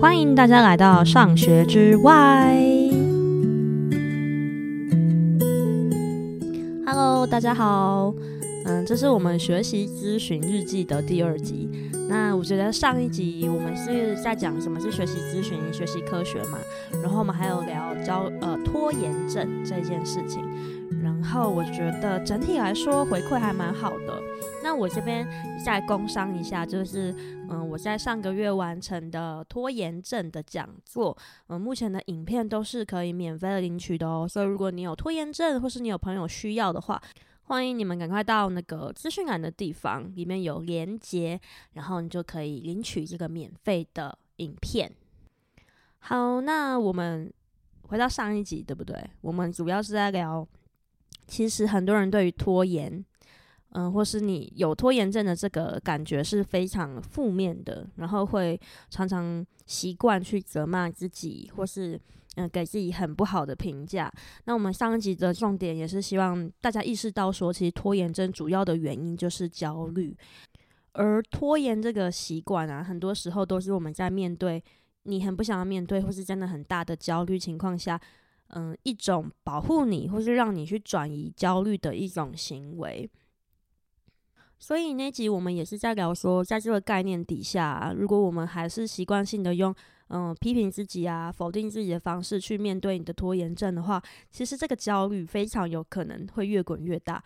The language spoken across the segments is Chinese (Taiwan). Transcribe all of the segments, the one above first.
歡迎大家來到上學之 WHY。Hello，大家好。嗯，這是我們學習諮詢日記的第二集。那我覺得上一集我們是在講什麼是學習諮詢、學習科學嘛。然後我們還有聊到呃拖延症這件事情。然後我覺得整體來說回饋還蠻好。那我這邊再工商一下，就是，嗯，我在上個月完成的拖延症的講座，嗯，目前的影片都是可以免費的領取的哦。所以如果你有拖延症，或是你有朋友需要的話，歡迎你們趕快到那個資訊欄的地方，裡面有連接，然後你就可以領取這個免費的影片。好，那我們回到上一集，對不對？我們主要是在聊，其實很多人對於拖延。嗯、呃，或是你有拖延症的這個感覺是非常負面的，然後會常常習慣去責罵自己，或是嗯、呃，給自己很不好的評價。那我們上一集的重點也是希望大家意識到說，說其實拖延症主要的原因就是焦慮，而拖延這個習慣啊，很多時候都是我們在面對你很不想要面對或是真的很大的焦慮情況下，嗯、呃，一種保護你或是讓你去轉移焦慮的一種行為。所以那集我們也是在聊說，在這個概念底下，啊，如果我們還是習慣性的用嗯、呃、批評自己啊、否定自己的方式去面對你的拖延症的話，其實這個焦慮非常有可能會越滾越大。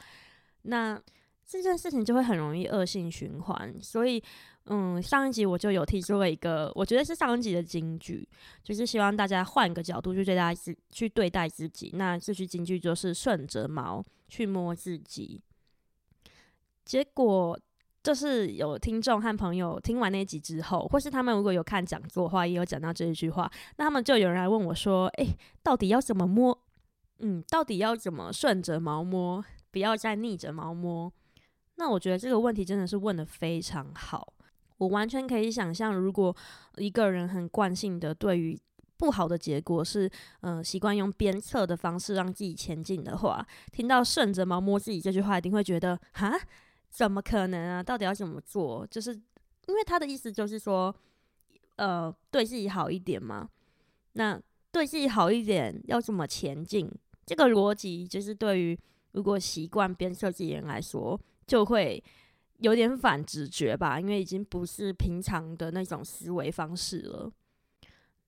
那這件事情就會很容易惡性循環。所以，嗯，上一集我就有提出了一個，我覺得是上一集的金句，就是希望大家換個角度去對待自去對待自己。那這句金句就是順着毛去摸自己。結果就是有聽眾和朋友聽完那集之後，或是他們如果有看講座的話，也有講到這一句話，那他們就有人來問我說：“哎、欸，到底要怎麼摸？嗯，到底要怎麼順着毛摸，不要再逆着毛摸？”那我覺得這個問題真的是問得非常好。我完全可以想象，如果一個人很慣性的對於不好的結果是，嗯、呃，習慣用鞭策的方式讓自己前進的話，聽到順着毛摸自己這句話，一定會覺得哈怎麼可能啊？到底要怎麼做？就是，因為他的意思就是說，呃，對自己好一點嘛。那對自己好一點，要怎麼前進？這個邏輯就是對於如果習慣鞭策自己的人來說，就會有點反直覺吧，因為已經不是平常的那種思維方式了。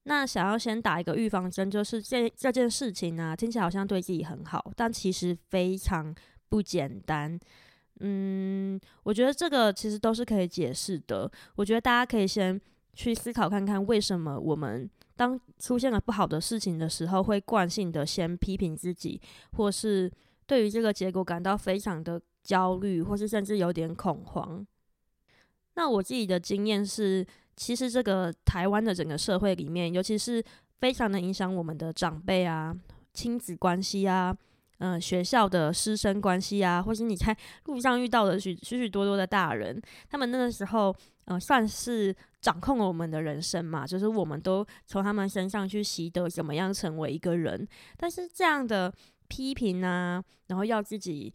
那想要先打一個預防針，就是這這件事情呢、啊，聽起來好像對自己很好，但其實非常不簡單。嗯，我覺得這個其實都是可以解釋的。我覺得大家可以先去思考看看，為什麼我們當出現了不好的事情的時候，會慣性的先批評自己，或是對於這個結果感到非常的焦慮，或是甚至有點恐慌。那我自己的經驗是，其實這個台灣的整個社會裡面，尤其是非常的影響我們的長輩啊、親子關係啊。嗯、呃，學校的師生關係啊，或是你在路上遇到的許許許多多的大人，他們那個時候，呃，算是掌控了我們的人生嘛，就是我們都從他們身上去習得怎麼樣成為一個人。但是這樣的批評啊，然後要自己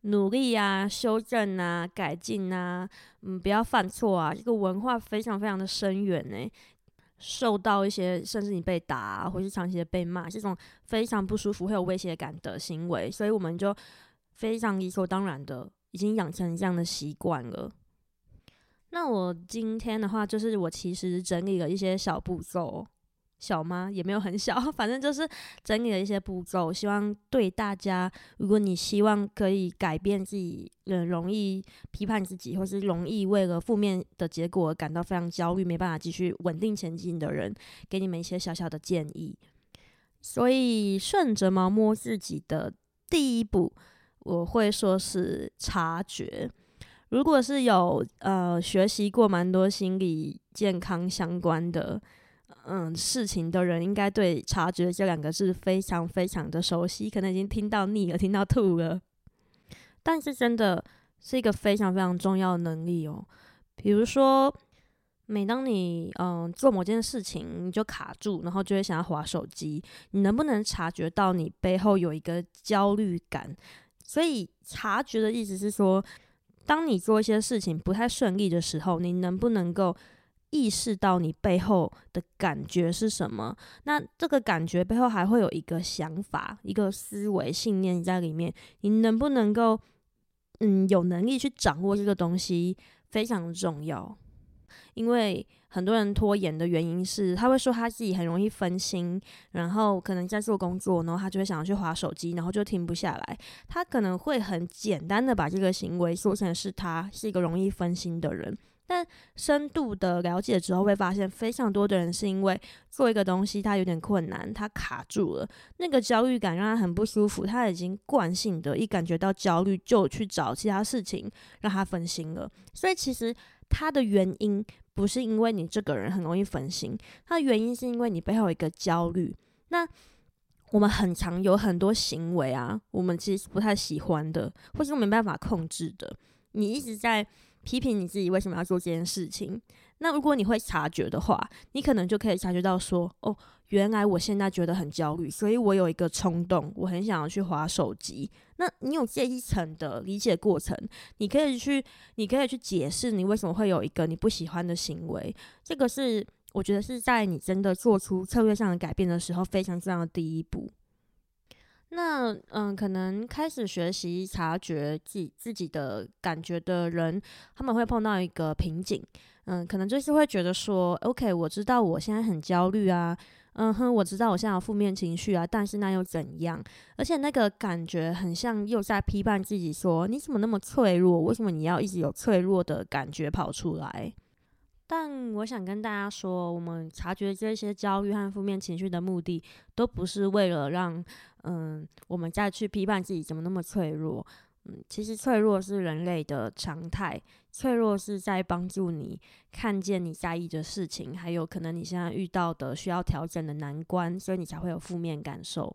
努力啊、修正啊、改進啊，嗯，不要犯錯啊，這個文化非常非常的深遠呢、欸。受到一些，甚至你被打啊，或是長期的被罵，這種非常不舒服、會有威脅感的行為，所以我們就非常理所當然的已經養成這樣的習慣了。那我今天的話，就是我其實整理了一些小步驟。小嗎？也沒有很小，反正就是整理了一些步驟，希望對大家，如果你希望可以改變自己，呃、嗯，容易批判自己，或是容易為了負面的結果而感到非常焦慮，沒辦法繼續穩定前進的人，給你們一些小小的建議。所以，順着毛摸自己的第一步，我會說是察覺。如果是有呃學習過蠻多心理健康相關的。嗯，事情的人應該對察覺這兩個字非常非常的熟悉，可能已經聽到膩了，聽到吐了。但是真的是一個非常非常重要的能力哦。比如說，每當你嗯做某件事情你就卡住，然後就會想要滑手機，你能不能察覺到你背後有一個焦慮感？所以，察覺的意思是說，當你做一些事情不太順利的時候，你能不能夠？意識到你背後的感覺是什麼？那這個感覺背後還會有一個想法，一個思維信念在裡面。你能不能夠，嗯，有能力去掌握這個東西非常重要。因為很多人拖延的原因是，他會說他自己很容易分心，然後可能在做工作，然後他就會想要去滑手機，然後就停不下來。他可能會很簡單的把這個行為說成是他是一個容易分心的人。但深度的了解之後，會發現非常多的人是因為做一個東西，他有點困難，他卡住了，那個焦慮感讓他很不舒服。他已經慣性的，一感覺到焦慮就去找其他事情讓他分心了。所以其實他的原因不是因為你這個人很容易分心，他的原因是因為你背後有一個焦慮。那我們很常有很多行為啊，我們其實是不太喜歡的，或是沒辦法控制的。你一直在。批評你自己為什麼要做這件事情。那如果你會察覺的話，你可能就可以察覺到說，哦，原來我現在覺得很焦慮，所以我有一個衝動，我很想要去滑手機。那你有這一層的理解過程，你可以去，你可以去解釋你為什麼會有一個你不喜歡的行為。這個是我覺得是在你真的做出策略上的改變的時候非常重要的第一步。那嗯，可能開始學習察覺自己自己的感覺的人，他們會碰到一個瓶頸，嗯，可能就是會覺得說，OK，我知道我現在很焦慮啊，嗯哼，我知道我現在有負面情緒啊，但是那又怎樣？而且那個感覺很像又在批判自己，說你怎麼那麼脆弱？為什麼你要一直有脆弱的感覺跑出來？但我想跟大家說，我們察覺這些焦慮和負面情緒的目的，都不是為了讓，嗯，我們再去批判自己怎麼那麼脆弱。嗯，其實脆弱是人類的常態，脆弱是在幫助你看見你在意的事情，還有可能你現在遇到的需要調整的難關，所以你才會有負面感受。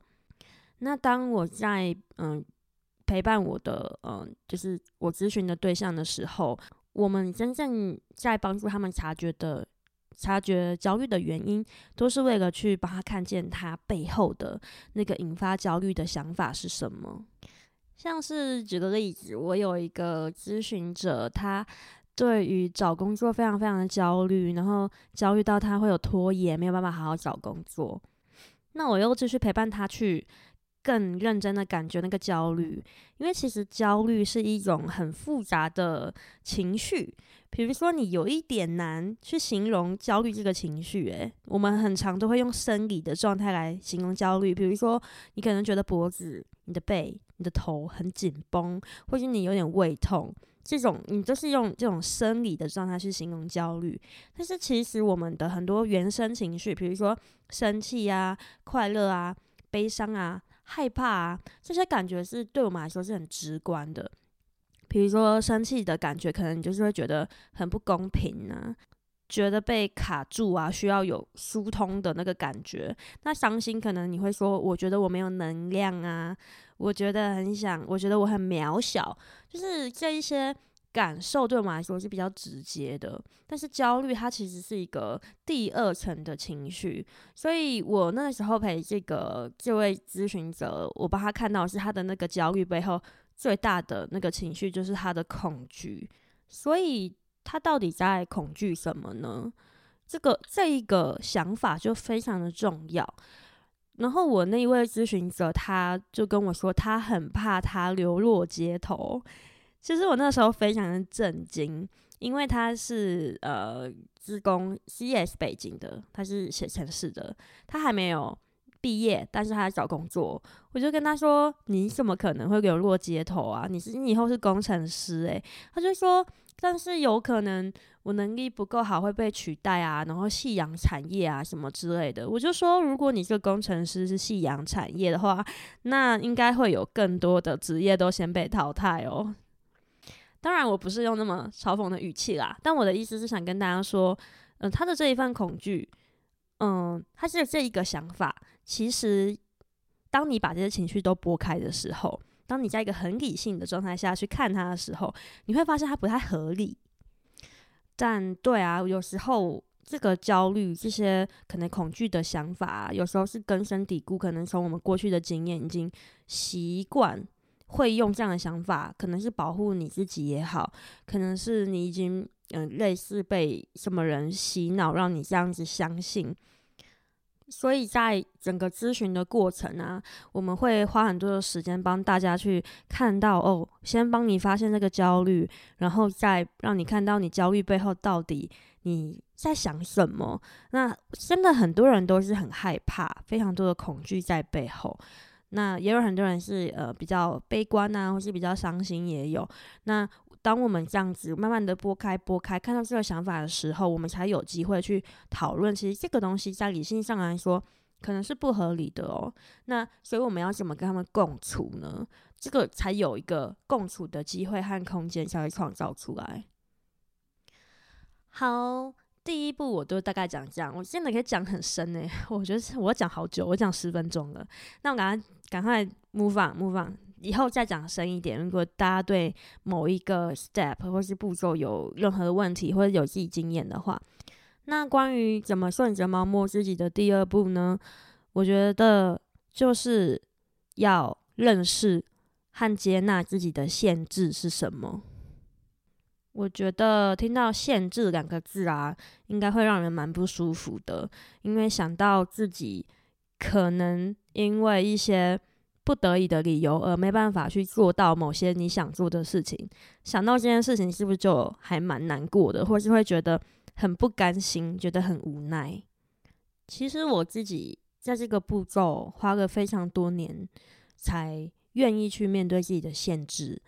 那當我在嗯陪伴我的嗯，就是我諮詢的對象的時候。我們真正在幫助他們察覺的、察覺焦慮的原因，都是為了去幫他看見他背後的那個引發焦慮的想法是什麼。像是舉個例子，我有一個諮詢者，他對於找工作非常非常的焦慮，然後焦慮到他會有拖延，沒有辦法好好找工作。那我又繼續陪伴他去。更認真的感覺那個焦慮，因為其實焦慮是一種很複雜的情緒。比如說，你有一點難去形容焦慮這個情緒。誒，我們很常都會用生理的狀態來形容焦慮。比如說，你可能覺得脖子、你的背、你的頭很緊繃，或者你有點胃痛，這種你都是用這種生理的狀態去形容焦慮。但是其實我們的很多原生情緒，比如說生氣啊、快樂啊、悲傷啊。害怕啊，這些感覺是對我們來說是很直觀的。比如說生氣的感覺，可能你就是會覺得很不公平啊，覺得被卡住啊，需要有疏通的那個感覺。那傷心，可能你會說，我覺得我沒有能量啊，我覺得很想，我覺得我很渺小，就是這一些。感受對我們來說是比較直接的，但是焦慮它其實是一個第二層的情緒，所以我那時候陪這個這位諮詢者，我幫他看到的是他的那個焦慮背後最大的那個情緒就是他的恐懼，所以他到底在恐懼什麼呢？這個這一個想法就非常的重要。然後我那一位諮詢者他就跟我說，他很怕他流落街頭。其實我那時候非常的震驚，因為他是呃，自貢 CS 北京的，他是寫程式的，他還沒有畢業，但是他在找工作。我就跟他說：“你怎麼可能會流落街頭啊？你是你以後是工程師誒、欸！”他就說：“但是有可能我能力不夠好會被取代啊，然後夕陽產業啊什麼之類的。”我就說：“如果你這個工程師是夕陽產業的話，那應該會有更多的職業都先被淘汰哦。”當然，我不是用那麼嘲諷的語氣啦，但我的意思是想跟大家說，嗯、呃，他的這一份恐懼，嗯，他是這一個想法。其實，當你把這些情緒都撥開的時候，當你在一個很理性的狀態下去看他的時候，你會發現他不太合理。但對啊，有時候這個焦慮、這些可能恐懼的想法、啊，有時候是根深蒂固，可能從我們過去的經驗已經習慣。會用這樣的想法，可能是保護你自己也好，可能是你已經嗯、呃、類似被什麼人洗腦，讓你這樣子相信。所以在整個諮詢的過程啊，我們會花很多的時間幫大家去看到哦，先幫你發現這個焦慮，然後再讓你看到你焦慮背後到底你在想什麼。那真的很多人都是很害怕，非常多的恐懼在背後。那也有很多人是呃比較悲觀呐、啊，或是比較傷心，也有。那當我們這樣子慢慢的撥開、撥開，看到這個想法的時候，我們才有機會去討論。其實這個東西在理性上來說，可能是不合理的哦。那所以我們要怎麼跟他們共處呢？這個才有一個共處的機會和空間才會創造出來。好。第一步我都大概講這樣，我現在可以講很深誒，我覺得我講好久，我講十分鐘了。那我趕快趕快 move on move on，以後再講深一點。如果大家對某一個 step 或是步驟有任何問題，或者有自己經驗的話，那關於怎麼順着毛摸自己的第二步呢？我覺得就是要認識和接納自己的限制是什麼。我覺得聽到“限制”兩個字啊，應該會讓人蠻不舒服的，因為想到自己可能因為一些不得已的理由而沒辦法去做到某些你想做的事情，想到這件事情是不是就還蠻難過的，或是會覺得很不甘心，覺得很無奈。其實我自己在這個步驟花了非常多年，才願意去面對自己的限制。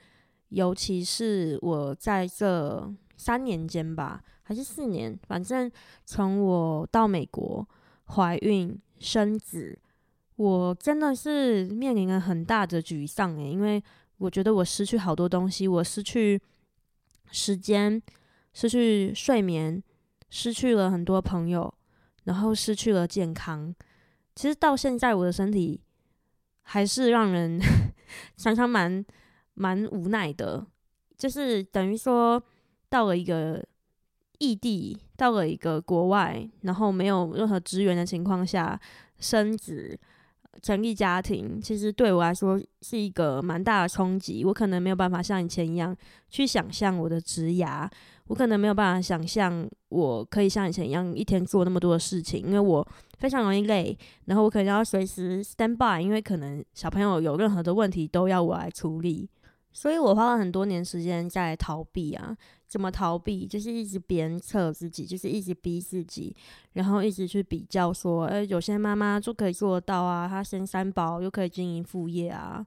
尤其是我在這三年間吧，還是四年，反正從我到美國懷孕生子，我真的是面臨了很大的沮喪，欸，因為我覺得我失去好多東西，我失去時間，失去睡眠，失去了很多朋友，然後失去了健康。其實到現在，我的身體還是讓人想想蠻。蠻無奈的，就是等於說到了一個異地，到了一個國外，然後沒有任何資源的情況下生子、成立家庭，其實對我來說是一個蠻大的衝擊。我可能沒有辦法像以前一樣去想象我的職涯，我可能沒有辦法想象我可以像以前一樣一天做那麼多的事情，因為我非常容易累，然後我可能要隨時 stand by，因為可能小朋友有任何的問題都要我來處理。所以我花了很多年時間在逃避啊，怎麼逃避？就是一直鞭策自己，就是一直逼自己，然後一直去比較說，哎、欸，有些媽媽就可以做到啊，她生三寶又可以經營副業啊，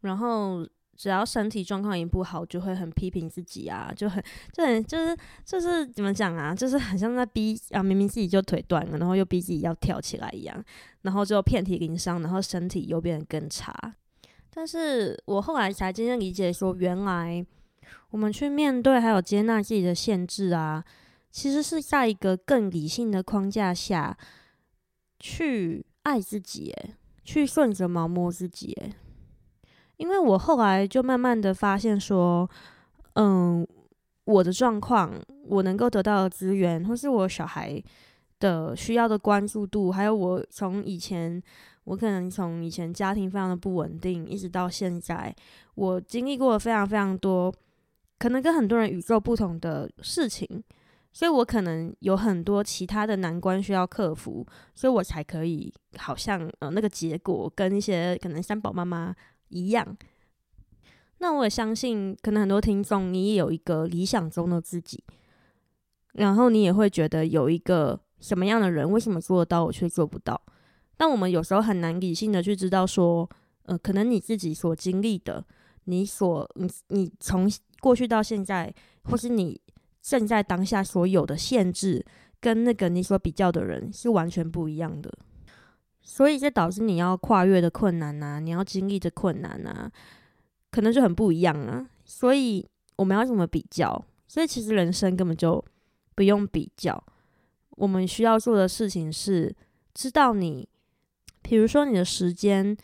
然後只要身體狀況一不好，就會很批評自己啊，就很就很就是就是怎麼講啊，就是很像在逼啊，明明自己就腿斷了，然後又逼自己要跳起來一樣，然後就遍體鱗傷，然後身體又變得更差。但是我後來才真正理解說，原來我們去面對還有接納自己的限制啊，其實是在一個更理性的框架下去愛自己，去順着毛摸自己。因為我後來就慢慢的發現說，嗯，我的狀況，我能夠得到的資源，或是我小孩的需要的關注度，還有我從以前。我可能從以前家庭非常的不穩定，一直到現在，我經歷過非常非常多，可能跟很多人與眾不同的事情，所以我可能有很多其他的難關需要克服，所以我才可以好像呃那個結果跟一些可能三寶媽媽一樣。那我也相信，可能很多聽眾你也有一個理想中的自己，然後你也會覺得有一個什麼樣的人，為什麼做得到我卻做不到？但我們有時候很難理性的去知道說，呃，可能你自己所經歷的，你所你你從過去到現在，或是你正在當下所有的限制，跟那個你所比較的人是完全不一樣的，所以這導致你要跨越的困難吶、啊，你要經歷的困難吶、啊，可能就很不一樣啊。所以我們要怎麼比較？所以其實人生根本就不用比較，我們需要做的事情是知道你。比如說，你的時間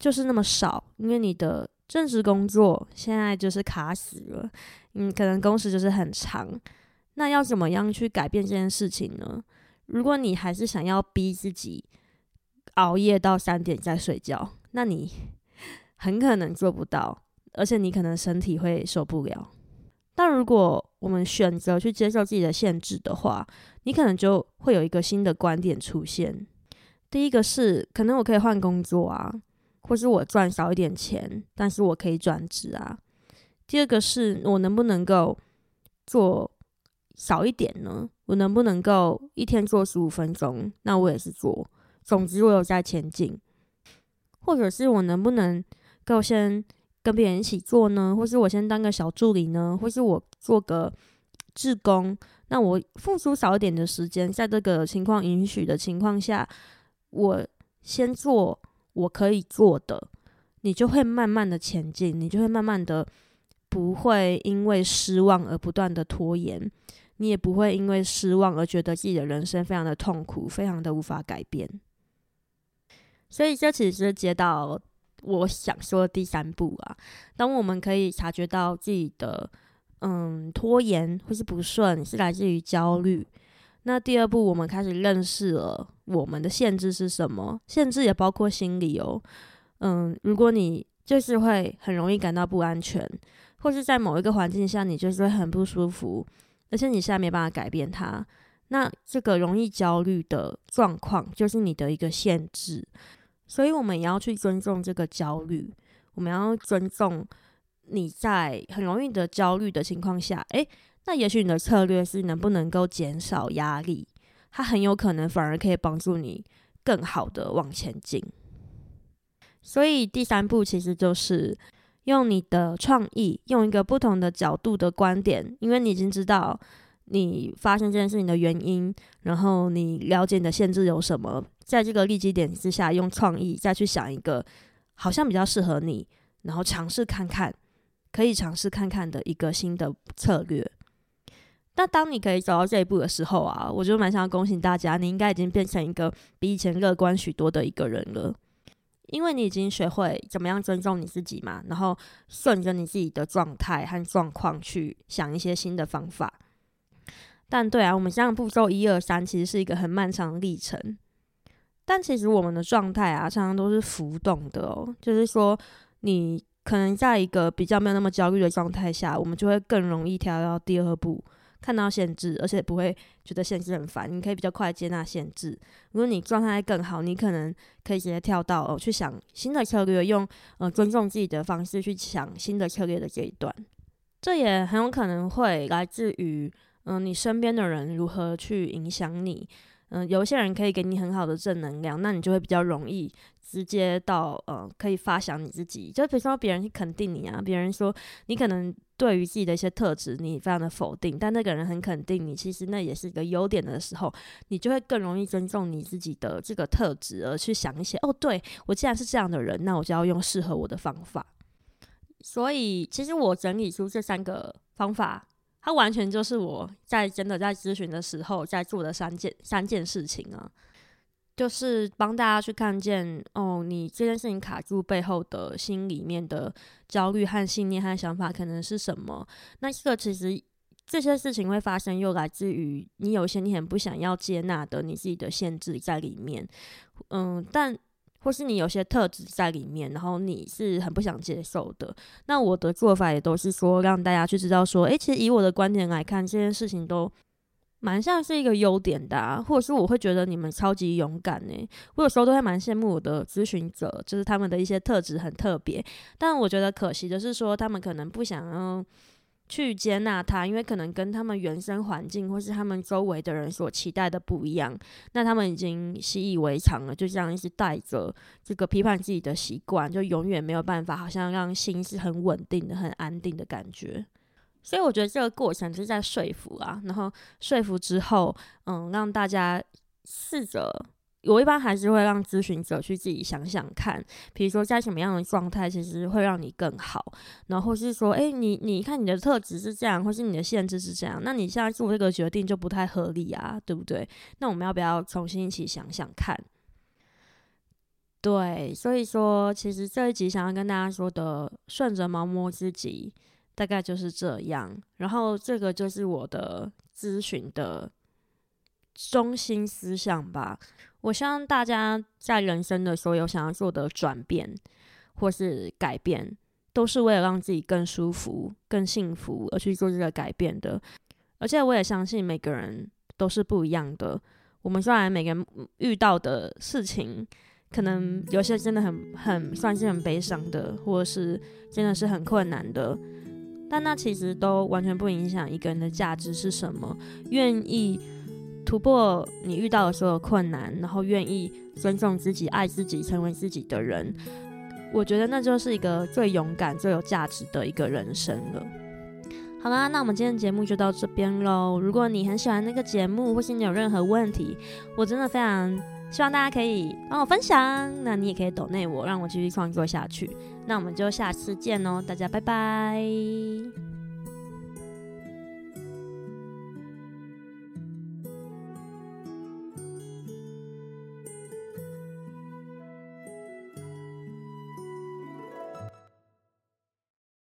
就是那麼少，因為你的正職工作現在就是卡死了，嗯，可能工時就是很長。那要怎麼樣去改變這件事情呢？如果你還是想要逼自己熬夜到三點再睡覺，那你很可能做不到，而且你可能身體會受不了。但如果我們選擇去接受自己的限制的話，你可能就會有一個新的觀點出現。第一個是可能我可以換工作啊，或是我賺少一點錢，但是我可以轉職啊。第二個是我能不能夠做少一點呢？我能不能夠一天做十五分鐘？那我也是做。總之，我有在前進。或者是我能不能夠先跟別人一起做呢？或是我先當個小助理呢？或是我做個志工。那我付出少一點的時間，在這個情況允許的情況下。我先做我可以做的，你就會慢慢的前進，你就會慢慢的不會因為失望而不斷的拖延，你也不會因為失望而覺得自己的人生非常的痛苦，非常的無法改變。所以這其實接到我想說的第三步啊，當我們可以察覺到自己的嗯拖延或是不順是來自於焦慮。那第二步，我們開始認識了我們的限制是什麼？限制也包括心理哦。嗯，如果你就是會很容易感到不安全，或是在某一個環境下你就是會很不舒服，而且你現在沒辦法改變它，那這個容易焦慮的狀況就是你的一個限制。所以，我們也要去尊重這個焦慮，我們要尊重你在很容易的焦慮的情況下，哎。那也許你的策略是能不能夠減少壓力，它很有可能反而可以幫助你更好的往前進。所以第三步其實就是用你的創意，用一個不同的角度的觀點，因為你已經知道你發生這件事情的原因，然後你了解你的限制有什麼，在這個利基點之下，用創意再去想一個好像比較適合你，然後嘗試看看，可以嘗試看看的一個新的策略。但當你可以走到這一步的時候啊，我就蠻想要恭喜大家。你應該已經變成一個比以前樂觀許多的一個人了，因為你已經學會怎麼樣尊重你自己嘛，然後順着你自己的狀態和狀況去想一些新的方法。但對啊，我們這樣步驟一二三其實是一個很漫長的歷程。但其實我們的狀態啊，常常都是浮動的哦。就是說，你可能在一個比較沒有那麼焦慮的狀態下，我們就會更容易跳到第二步。看到限制，而且不會覺得限制很煩，你可以比較快接納限制。如果你狀態更好，你可能可以直接跳到哦、呃，去想新的策略，用呃尊重自己的方式去想新的策略的這一段。這也很有可能會來自於嗯、呃，你身邊的人如何去影響你。嗯、呃，有一些人可以給你很好的正能量，那你就會比較容易直接到呃可以發想你自己，就比如說別人肯定你啊，別人說你可能。對於自己的一些特質，你非常的否定，但那個人很肯定你，其實那也是一個優點的時候，你就會更容易尊重你自己的這個特質，而去想一些哦對，對我既然是這樣的人，那我就要用適合我的方法。所以，其實我整理出這三個方法，它完全就是我在真的在諮詢的時候在做的三件三件事情啊。就是幫大家去看見哦，你這件事情卡住背後的、心裡面的焦慮和信念和想法可能是什麼？那這個其實這些事情會發生，又來自於你有些你很不想要接納的你自己的限制在裡面，嗯，但或是你有些特質在裡面，然後你是很不想接受的。那我的做法也都是說，讓大家去知道說，誒，其實以我的觀點來看，這件事情都蠻像是一個優點的啊，或者是我會覺得你們超級勇敢呢欸。我有時候都會蠻羨慕我的諮詢者，就是他們的一些特質很特別。但我覺得可惜的是說他們可能不想要去接納他，因為可能跟他們原生環境或是他們周圍的人所期待的不一樣。那他們已經習以為常了，就這樣一直帶着這個批判自己的習慣，就永遠沒有辦法，好像讓心是很穩定的、很安定的感覺。所以我覺得這個過程是在說服啊，然後說服之後，嗯，讓大家試着，我一般還是會讓諮詢者去自己想想看，比如說在什麼樣的狀態其實會讓你更好，然後是說，哎、欸，你你看你的特質是這樣，或是你的限制是這樣，那你現在做這個決定就不太合理啊，對不對？那我們要不要重新一起想想看？對，所以說，其實這一集想要跟大家說的，順着毛摸自己。大概就是這樣，然後這個就是我的諮詢的中心思想吧。我相信大家在人生的所有想要做的轉變或是改變，都是為了讓自己更舒服、更幸福而去做這個改變的。而且我也相信每個人都是不一樣的。我們雖然每個人遇到的事情，可能有些真的很很算是很悲傷的，或者是真的是很困難的。但那其實都完全不影響一個人的價值是什麼？願意突破你遇到的所有困難，然後願意尊重自己、愛自己、成為自己的人，我覺得那就是一個最勇敢、最有價值的一個人生了。好啦，那我們今天節目就到這邊嘍。如果你很喜歡那個節目，或是你有任何問題，我真的非常。希望大家可以幫我分享，那你也可以抖內我，讓我繼續創作下去。那我們就下次見哦，大家拜拜。